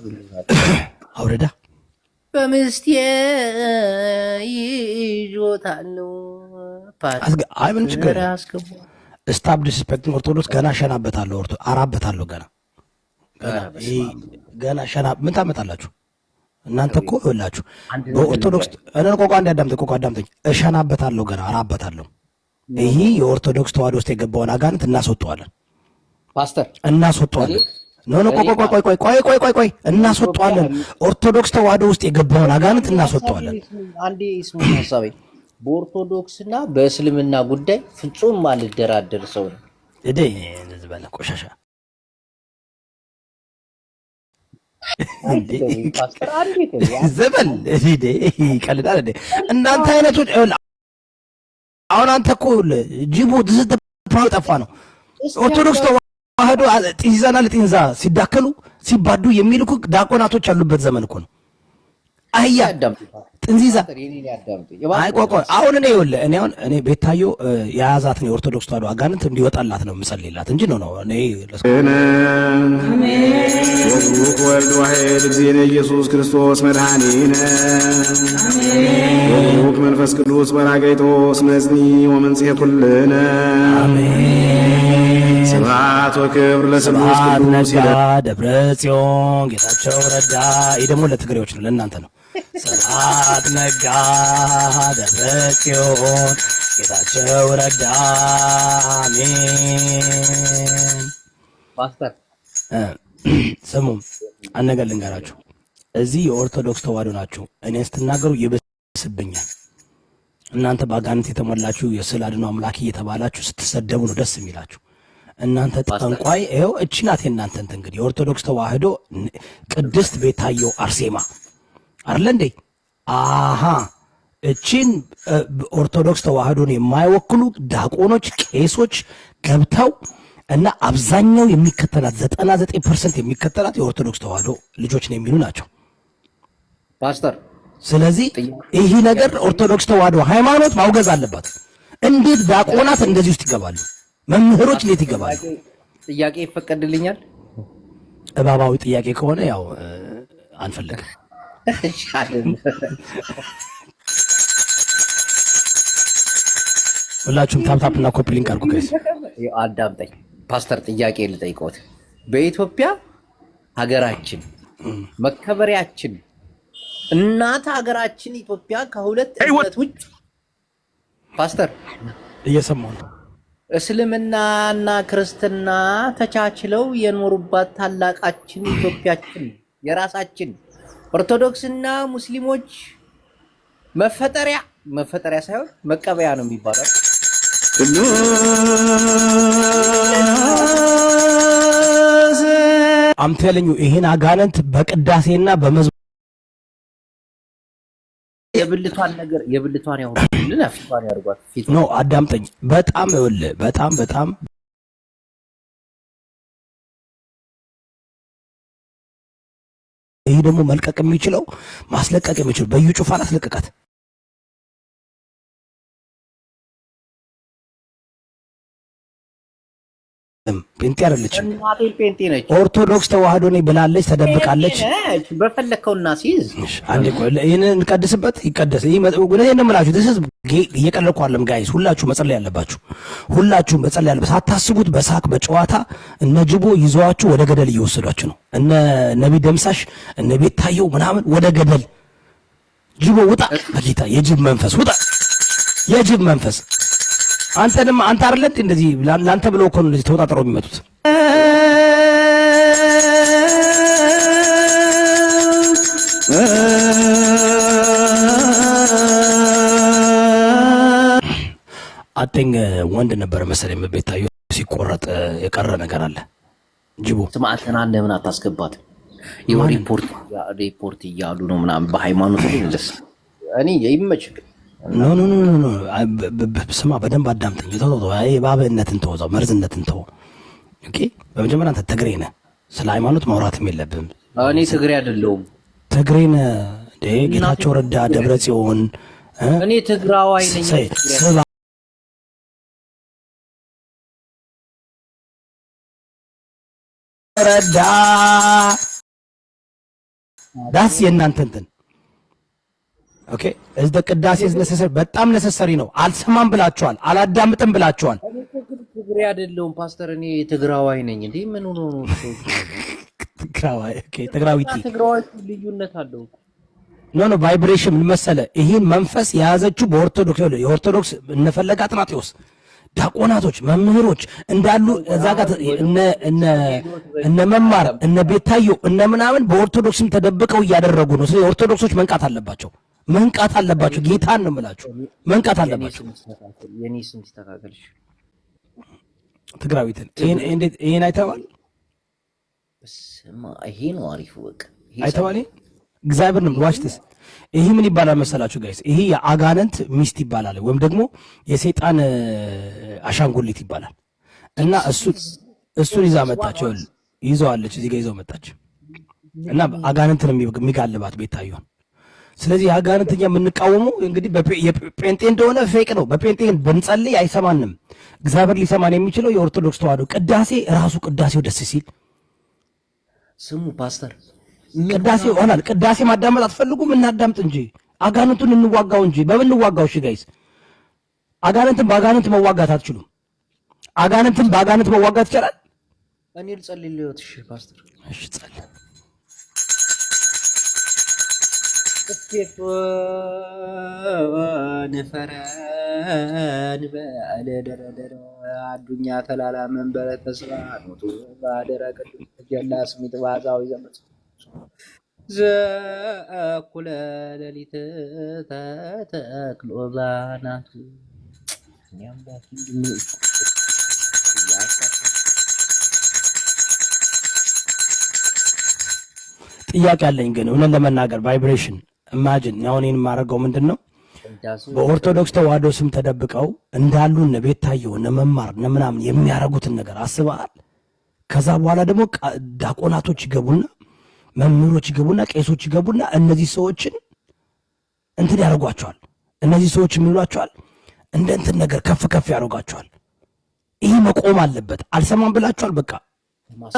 አውረዳ በምስቴ ይዞታል። አይ ችግር ስታብ ዲስፔክት ኦርቶዶክስ ገና ሸናበታለሁ። ኦርቶ አራበታለሁ። ገና ገና ሸና ምን ታመጣላችሁ እናንተ እኮ ይኸውላችሁ፣ በኦርቶዶክስ እኔን ቆቋ እንዲያዳምጠኝ ቆቋ አዳምጠኝ። እሸናበታለሁ፣ ገና አራበታለሁ። ይህ የኦርቶዶክስ ተዋህዶ ውስጥ የገባውን አጋንንት እናስወጠዋለን፣ ፓስተር እናስወጠዋለን። ኖ ኖ ቆይ ቆይ ቆይ ቆይ ቆይ ቆይ ቆይ እናስወጣዋለን። ኦርቶዶክስ ተዋህዶ ውስጥ የገባውን አጋንንት እናስወጣዋለን። አንዴ ስሙ ሐሳቤ በኦርቶዶክስና በእስልምና ጉዳይ ፍጹም ማልደራደር ሰው ነው። እዴ እንዴ ዝበለ ቆሻሻ ዘበል እዴ ይቀልዳል እንዴ እናንተ አይነቶች። አሁን አንተ እኮ ጅቡ ዝዝ ጠፋ ነው ኦርቶዶክስ ተዋህዶ ጢንዛና ለጢንዛ ሲዳከሉ ሲባዱ የሚልኩ ዳቆናቶች ያሉበት ዘመን እኮ ነው። አህያ ጥንዚዛ አይቆቆ አሁን እኔ ይኸውልህ እኔ አሁን እኔ ቤታዮ የያዛት ነው የኦርቶዶክስ ተዋህዶ አጋንንት እንዲወጣላት ነው የምጸልይላት እንጂ ነው ነው እኔ ወልድ ዋሕድ እግዚእነ ኢየሱስ ክርስቶስ መድኃኒነ ወቡሩክ መንፈስ ቅዱስ በራገይቶስ መጽኒ ወመንጽሔ ኩልነ ስብሐት ወክብር ለስሙ ቅዱስ ደብረ ጽዮን ጌታቸው ረዳ። ይህ ደግሞ ለትግሬዎች ነው፣ ለእናንተ ነው። ስብሐት ነጋ ደብረ ጽዮን ጌታቸው ረዳ። አሜን። ፓስተር ስሙ አነገር ልንገራችሁ። እዚህ የኦርቶዶክስ ተዋህዶ ናችሁ። እኔ ስትናገሩ ይብስብኛል። እናንተ በአጋንንት የተሞላችሁ የስዕል አድኖ አምላክ እየተባላችሁ ስትሰደቡ ነው ደስ የሚላችሁ። እናንተ ጠንቋይ ይኸው እቺ ናት የእናንተ እንትን እንግዲህ የኦርቶዶክስ ተዋህዶ ቅድስት ቤታዮ አርሴማ አለ እንዴ? አሃ እቺን ኦርቶዶክስ ተዋህዶን የማይወክሉ ዳቆኖች፣ ቄሶች ገብተው እና አብዛኛው የሚከተላት ዘጠና ዘጠኝ ፐርሰንት የሚከተላት የኦርቶዶክስ ተዋህዶ ልጆች ነው የሚሉ ናቸው ፓስተር። ስለዚህ ይህ ነገር ኦርቶዶክስ ተዋህዶ ሃይማኖት ማውገዝ አለባት። እንዴት ዳቆናት እንደዚህ ውስጥ ይገባሉ? መምህሮች እንዴት ይገባሉ? ጥያቄ ይፈቀድልኛል? እባባዊ ጥያቄ ከሆነ ያው አንፈልግም። ሁላችሁም ታፕታፕ እና ኮፒ ሊንክ አድርጉ። ጋይስ አዳምጠኝ፣ ፓስተር ጥያቄ ልጠይቆት። በኢትዮጵያ ሀገራችን መከበሪያችን እናት ሀገራችን ኢትዮጵያ ከሁለት እምነት ውጭ ፓስተር እየሰማሁ ነው እስልምናና ክርስትና ተቻችለው የኖሩባት ታላቃችን ኢትዮጵያችን የራሳችን ኦርቶዶክስና ሙስሊሞች መፈጠሪያ መፈጠሪያ ሳይሆን መቀበያ ነው የሚባለው። አምተልኙ ይህን አጋነንት በቅዳሴና በመዝ የብልቷን ነገር የብልቷን ያውሩልን ፊቷን ያርጓት። ፊት ነው አዳምጠኝ። በጣም ይኸውልህ በጣም በጣም ይህ ደግሞ መልቀቅ የሚችለው ማስለቀቅ የሚችለው በዩ ጩፋን አስለቀቃት። ጴንጤ አይደለችም። ጴንጤ ነች። ኦርቶዶክስ ተዋህዶ ነኝ ብላለች፣ ተደብቃለች። በፈለከው እና ሲይዝ አንዴ ይህን እንቀድስበት ይቀደስ። ነው እንደምላችሁ ስ እየቀለድኩ አለም ጋይስ፣ ሁላችሁ መጸለይ ያለባችሁ ሁላችሁ መጸለይ ያለበት ሳታስቡት፣ በሳቅ በጨዋታ እነ ጅቦ ይዘዋችሁ ወደ ገደል እየወሰዷችሁ ነው። እነ ነቢ ደምሳሽ እነ ታየው ምናምን ወደ ገደል ጅቦ ውጣ፣ በጌታ የጅብ መንፈስ ውጣ፣ የጅብ መንፈስ አንተ ደግሞ አንተ አይደለ እንደዚህ ለአንተ ብለው እኮ ነው እንደዚህ ተወጣጥረው የሚመጡት አጤኝ ወንድ ነበረ መሰለኝ ቤታዮ ሲቆረጥ የቀረ ነገር አለ። ጅቡ ስማዕትና ለምን አታስገባት? ሪፖርት እያሉ ነው ምናምን በሃይማኖት እኔ ይመችል ኖ ኖ ኖ ኖ ስማ፣ በደንብ አዳምጠኝ። መርዝነትን ኦኬ፣ በመጀመሪያ አንተ ትግሬ ነህ፣ ስለ ሃይማኖት ማውራትም የለብም። እኔ ትግሬ አይደለሁም። ትግሬ ነህ ጌታቸው ረዳ፣ ደብረ ጽዮን። እኔ ትግራዋይ ነኝ። ረዳ ዳስ የእናንተ እንትን ኦኬ እዝደ ቅዳሴ ነሰሰሪ በጣም ነሰሰሪ ነው። አልሰማም ብላችኋል፣ አላዳምጥም ብላችኋል። ትግሬ አይደለሁም ፓስተር፣ እኔ ትግራዋይ ነኝ። እንዴ ምን ሆኖ ነው? ትግራዋይ ትግራዊ ትግራዋይ ልዩነት አለው። ኖ ኖ ቫይብሬሽን ምን መሰለ፣ ይህን መንፈስ የያዘችው በኦርቶዶክስ ነው። የኦርቶዶክስ እነፈለገ አጥናጤዎስ ዳቆናቶች፣ መምህሮች እንዳሉ እዛ ጋር እነ መማር እነ ቤታዮ እነ ምናምን በኦርቶዶክስም ተደብቀው እያደረጉ ነው። ስለዚህ ኦርቶዶክሶች መንቃት አለባቸው። መንቃት አለባችሁ። ጌታን ነው የምላችሁ፣ መንቃት አለባችሁ። የኔ ትግራዊትን ይሄን አይተኸዋል? ይሄ ነው አሪፉ በቃ አይተኸዋል? እግዚአብሔር ነው ዋችትስ ይሄ ምን ይባላል መሰላችሁ ጋይስ? ይሄ የአጋንንት ሚስት ይባላል፣ ወይም ደግሞ የሰይጣን አሻንጉሊት ይባላል። እና እሱ እሱን ይዛ መጣቸው፣ ይዘዋለች፣ እዚህ ጋር ይዘው መጣች። እና አጋንንትን የሚጋልባት ቤታየሆን ስለዚህ አጋንንተኛ የምንቃወመው እንግዲህ ጴንጤ እንደሆነ ፌቅ ነው። በጴንጤ ብንጸልይ አይሰማንም። እግዚአብሔር ሊሰማን የሚችለው የኦርቶዶክስ ተዋህዶ ቅዳሴ ራሱ ቅዳሴው ደስ ሲል ስሙ ፓስተር ቅዳሴ ይሆናል። ቅዳሴ ማዳመጥ አትፈልጉም? እናዳምጥ እንጂ አጋንንቱን እንዋጋው እንጂ በምንዋጋው እሺ ጋይስ አጋንንትን በአጋንንት መዋጋት አትችሉም። አጋንንትን በአጋንንት መዋጋት ይቻላል። እኔ ልጸልይ እሺ ፓስተር እሺ ጸልይ እቴቶን ንፈረን በአለ ደረደረ አዱኛ ተላላ መንበረ ተስፋ ኖቱ በአደረ ቅዱስ ጀላ ስሚት ባዛዊ ዘመት ዘእኩለ ሌሊት ተተክሎ ባናቱ ጥያቄ አለኝ ግን እውነት ለመናገር ቫይብሬሽን ማጅን አሁን ይህን የማደርገው ምንድን ነው በኦርቶዶክስ ተዋህዶ ስም ተደብቀው እንዳሉ እነ ቤታየሁ እነ መማር እነ ምናምን ነገር አስበሃል። ከዛ በኋላ ደግሞ ዳቆናቶች ይገቡና መምህሮች ይገቡና ቄሶች ይገቡና እነዚህ ሰዎችን እንትን ያደርጓቸዋል። እነዚህ ሰዎች የሚሏቸዋል እንደ እንትን ነገር ከፍ ከፍ ያደርጓቸዋል። ይህ መቆም አለበት። አልሰማም ብላችኋል። በቃ ማስ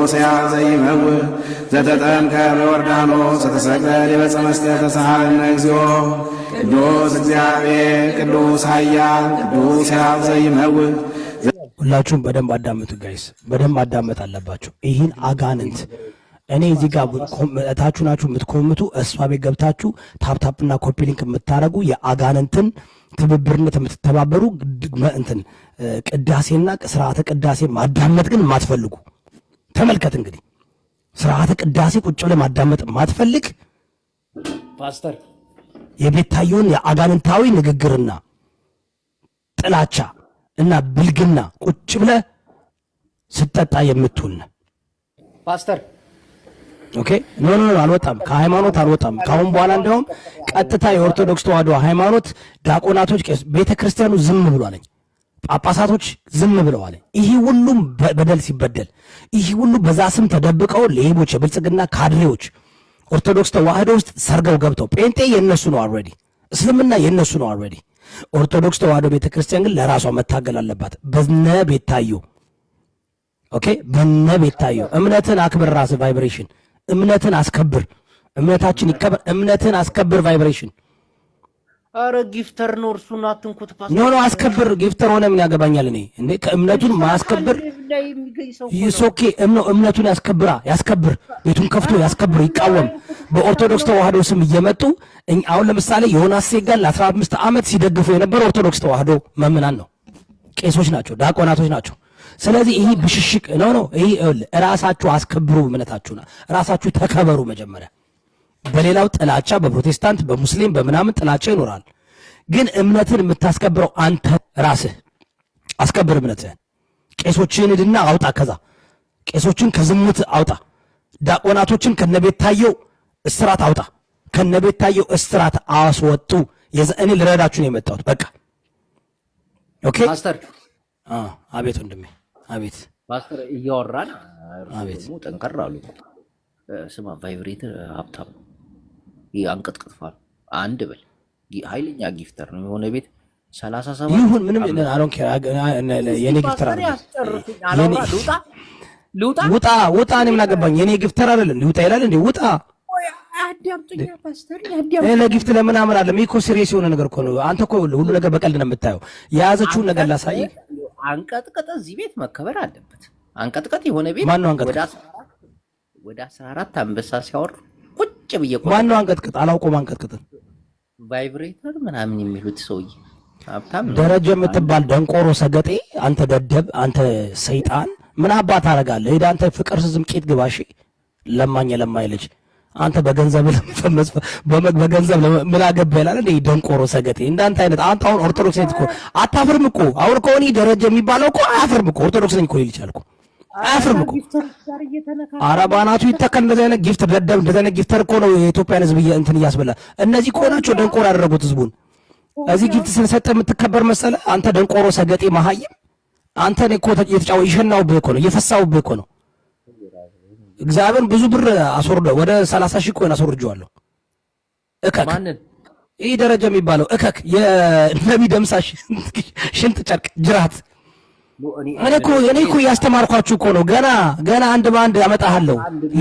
ሆሴዕ ዘይመውህ ዘተጠምቀ በዮርዳኖስ ዘተሰቅለ ዲበ እግዚኦ ቅዱስ እግዚአብሔር ቅዱስ ኃያል ቅዱስ ሆሴዕ ሁላችሁም በደንብ አዳምጡ ጋይስ፣ በደንብ አዳመጥ አለባቸው ይህን አጋንንት እኔ እዚህ ጋር እታችሁ ናችሁ የምትኮምቱ እሷ ቤት ገብታችሁ ታፕታፕና ኮፒ ሊንክ የምታደርጉ የአጋንንትን ትብብርነት የምትተባበሩ እንትን ቅዳሴና ስርዓተ ቅዳሴ ማዳመጥ ግን የማትፈልጉ ተመልከት እንግዲህ ስርዓተ ቅዳሴ ቁጭ ብለህ ማዳመጥ ማትፈልግ ፓስተር የቤታየውን የአጋንንታዊ ንግግርና ጥላቻ እና ብልግና ቁጭ ብለህ ስጠጣ የምትውል ፓስተር ኦኬ ኖ ኖ አልወጣም፣ ከሃይማኖት አልወጣም። ከአሁን በኋላ እንደውም ቀጥታ የኦርቶዶክስ ተዋህዶ ሃይማኖት ዲያቆናቶች ቤተ ክርስቲያኑ ዝም ብሏለኝ። ጳጳሳቶች ዝም ብለዋል። ይህ ሁሉም በደል ሲበደል ይህ ሁሉ በዛ ስም ተደብቀው ሌቦች፣ የብልጽግና ካድሬዎች ኦርቶዶክስ ተዋህዶ ውስጥ ሰርገው ገብተው ጴንጤ የነሱ ነው አልሬዲ እስልምና የነሱ ነው አልሬዲ። ኦርቶዶክስ ተዋህዶ ቤተክርስቲያን ግን ለራሷ መታገል አለባት። በነ ቤታዩ ኦኬ፣ በነ ቤታዩ እምነትን አክብር፣ ራስ ቫይብሬሽን እምነትን አስከብር፣ እምነታችን ይከበር፣ እምነትን አስከብር ቫይብሬሽን አረ ጊፍተር ነው እርሱን አትንኩት። ፓስ ኖ ኖ አስከብር። ጊፍተር ሆነ ምን ያገባኛል? እኔ እንዴ ከእምነቱን ማስከብር ይሶኬ እምነቱን ያስከብራ ያስከብር፣ ቤቱን ከፍቶ ያስከብር፣ ይቃወም። በኦርቶዶክስ ተዋህዶ ስም እየመጡ አሁን ለምሳሌ ዮናስ ሴጋን ለ15 ዓመት ሲደግፉ የነበረ ኦርቶዶክስ ተዋህዶ መምናን ነው፣ ቄሶች ናቸው፣ ዳቆናቶች ናቸው። ስለዚህ ይሄ ብሽሽቅ ነው ነው። ይሄ ራሳችሁ አስከብሩ፣ እምነታችሁና ራሳችሁ ተከበሩ መጀመሪያ በሌላው ጥላቻ፣ በፕሮቴስታንት በሙስሊም በምናምን ጥላቻ ይኖራል። ግን እምነትን የምታስከብረው አንተ ራስህ አስከብር እምነትህን። ቄሶችን ድና አውጣ፣ ከዛ ቄሶችን ከዝሙት አውጣ፣ ዳቆናቶችን ታየው እስራት አውጣ፣ ከነቤታየው እስራት አስወጡ። እኔ ልረዳችሁ ነው የመጣሁት። በቃ ኦኬ አቤት ወንድሜ፣ አቤት ማስተር እያወራን አቤት፣ አሉ። ስማ ቫይብሬተር ሀብታም አንቀጥቅጥፋል አንድ በል ኃይለኛ ጊፍተር ነው የሆነ ቤት ሰላሳ ሰባት ይሁን ምንም አሎን የኔ ጊፍተር ልውጣ ውጣ ውጣ እኔ ምን አገባኝ የኔ ጊፍተር አይደለም ልውጣ ይላል እንዴ ውጣ ለጊፍት ለምናምን አለ እኮ ሲሪየስ የሆነ ነገር እኮ ነው አንተ እኮ ሁሉ ነገር በቀልድ ነው የምታየው የያዘችውን ነገር ላሳይ አንቀጥቀጥ እዚህ ቤት መከበር አለበት አንቀጥቀጥ የሆነ ቤት ማነው አንቀጥቀጥ ወደ አስራ አራት አንበሳ ሲያወር ቁጭ ብዬ ማን ነው አንቀጥቅጥ አላውቀውም። አንቀጥቅጥን ቫይብሬተር ምናምን የሚሉት ሰውዬ ደረጀ የምትባል ደንቆሮ ሰገጤ፣ አንተ ደደብ፣ አንተ ሰይጣን ምን አባት ታደርጋለህ? ሄደህ አንተ ፍቅር ስዝም ቂት ግባሽ ለማኝ የለማኝ ልጅ አንተ በገንዘብ ለመፈመስ በገንዘብ ምን አገባ ይላል እንዴ? ደንቆሮ ሰገጤ እንዳንተ አይነት አንተ አሁን ኦርቶዶክስ ነኝ እኮ አታፍርም እኮ አሁን ከሆነ ደረጀ የሚባለው እኮ አያፍርም እኮ ኦርቶዶክስ ነኝ እኮ ይልቻል እኮ አያፍርም እኮ። ኧረ ይተከል። እንደዚህ አይነት ጊፍት ደደብ፣ እንደዚህ አይነት ጊፍተር እኮ ነው የኢትዮጵያን ህዝብ እንትን እያስበላ። እነዚህ እኮ ናቸው ደንቆር ያደረጉት ህዝቡን እዚህ ጊፍት ስለሰጠ የምትከበር መሰለ? አንተ ደንቆሮ ሰገጤ መሀይም፣ አንተ እኔ እኮ የተጫወ የሸናውብህ እኮ ነው የፈሳውብህ እኮ ነው። እግዚአብሔር ብዙ ብር አስወርደ ወደ 30 ሺህ ኮይን አስወርጀዋለሁ። እከክ ይህ ደረጃ የሚባለው እከክ የነቢ ደምሳሽ ሽንጥ ጨርቅ ጅራት እኔ እኮ ያስተማርኳችሁ እኮ ነው። ገና ገና አንድ በአንድ አመጣሃለሁ።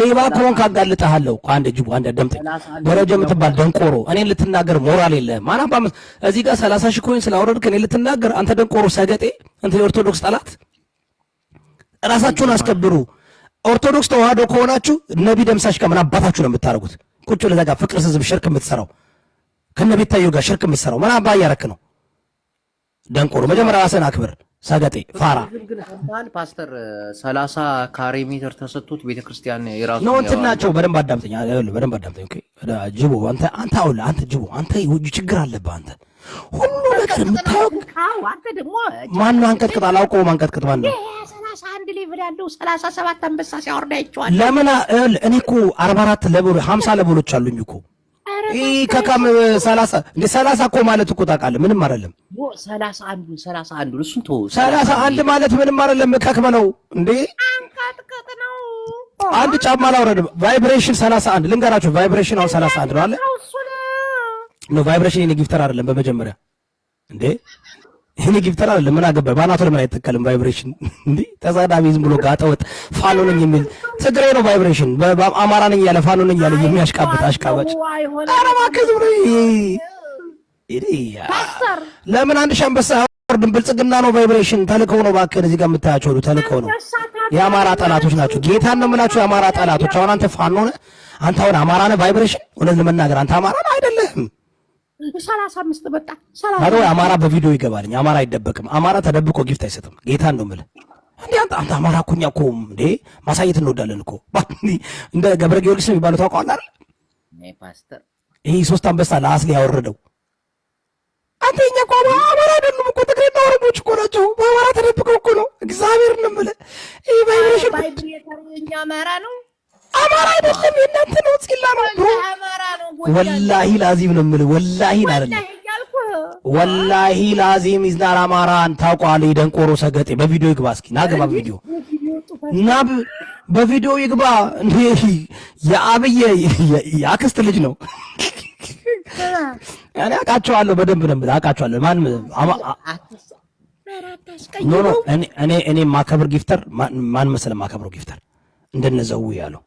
ሌባ ከሆንክ አጋልጥሃለሁ። አንድ ጅቡ አንድ ደምጠኝ ደረጀ የምትባል ደንቆሮ እኔን ልትናገር ሞራል የለህም። ማና በአምስት እዚህ ጋር ሰላሳ ሺህ ኮይን ስላወረድክ እኔን ልትናገር አንተ ደንቆሮ ሰገጤ፣ አንተ የኦርቶዶክስ ጠላት። ራሳችሁን አስከብሩ። ኦርቶዶክስ ተዋህዶ ከሆናችሁ ነቢ ደምሳሽ ከምን አባታችሁ ነው የምታደርጉት? ቁጭ ለዛ ጋር ፍቅር ስዝብ ሽርክ የምትሰራው ታዩ ጋር ሽርክ የምትሰራው ምን ባያረክ ነው? ደንቆሮ መጀመሪያ ራስን አክብር። ሰገጤ ፋራ ግን ፓስተር ሰላሳ ካሬ ሜትር ተሰጥቶት ቤተክርስቲያን የራሱ ነው። እንትን ናቸው። በደንብ አዳምጠኝ፣ በደንብ አዳምጠኝ። ጅቦ አንተ አንተ አሁን አንተ ጅቦ አንተ ችግር አለብህ አንተ ሁሉ ነገር የምታየው አንተ ደግሞ ማነው አንቀጥቅጥ አላውቀውም። አንቀጥቅጥ ማነው? ሰላሳ አንድ ሌቭል ያለው ሰላሳ ሰባት አንበሳ ሲያወርዳ ይቸዋል። ለምን እኔ እኮ አርባ አራት ሀምሳ ለበሎች አሉኝ እኮ ይህ ከካም ሰላሳ እንደ ሰላሳ እኮ ማለት እኮ ታውቃለህ፣ ምንም አይደለም። ሰላሳ አንዱን ሰላሳ አንዱን እሱን ተወው። ሰላሳ አንድ ማለት ምንም አይደለም። ከክመ ነው እንዴ አንድ ጫማ አላወረድም። ቫይብሬሽን ሰላሳ አንድ ልንገራችሁ። ቫይብሬሽን አሁን ሰላሳ አንድ ነው አለ ነው ቫይብሬሽን የኔ ጊፍተር አይደለም በመጀመሪያ እንዴ እኔ ጊፍተር አለ ምን አገባ ባናቱ ለምን አይተከልም? ቫይብሬሽን እንዴ ተሳዳቢ ዝም ብሎ ጋጠወጥ ፋኖ ነኝ የሚል ትግሬ ነው ቫይብሬሽን አማራ ነኝ ያለ ፋኖ ነኝ ያለ የሚያሽቃብጥ አሽቃባጭ። ኧረ እባክህ ዝም ብሎ ለምን አንድ ሺህ አንበሳ ወርድን ብልጽግና ነው ቫይብሬሽን ተልከው ነው። ባከን እዚህ ጋር የምታያቸው ሁሉ ተልከው ነው። የአማራ ጠላቶች ናቸው። ጌታን ነው የምላቸው የአማራ ጠላቶች። አሁን አንተ ፋኖ ነህ፣ አንተ አሁን አማራ ነህ ቫይብሬሽን። እውነት ለመናገር አንተ አማራ ነህ አይደለህም ሰላሳ አምስት በቃ አማራ በቪዲዮ ይገባል። አማራ አይደበቅም። አማራ ተደብቆ ጊፍት አይሰጥም። ጌታ ነው ምል እንዴ አንተ አንተ አማራ እኮ እኛ እኮ እንዴ ማሳየት እንወዳለን እኮ እንደ ገብረ ጊዮርጊስ ነው የሚባለው ታውቀዋለህ አይደል? ይሄ ሶስት አንበሳ ለአስሊ ያወረደው አንተ እኛ እኮ አማራ አይደሉም እኮ ትግሬና ኦሮሞች እኮ ናቸው። በአማራ ተደብቀው እኮ ነው እግዚአብሔር ነው የምልህ ይሄ ቫይብሬሽን እኛ አማራ ነው አማራ አይደለም፣ የእናንተ ነው። ጽላ ነው ብሮ ወላሂ ላዚም ነው የምልህ። ወላሂ አይደለም፣ ወላሂ ላዚም ይዝናል። አማራን ታውቀዋለህ? ደንቆሮ ሰገጤ። በቪዲዮ ይግባ እስኪ ና በቪዲዮ ና፣ በቪዲዮ ይግባ። እንዴ የአክስት ልጅ ነው። እኔ አውቃቸዋለሁ፣ በደንብ ደንብ አውቃቸዋለሁ። ማንም ኖ ኖ እኔ እኔ ማከብር ጊፍተር ማን መሰለ ማከብረው ጊፍተር እንደነዘው ያለው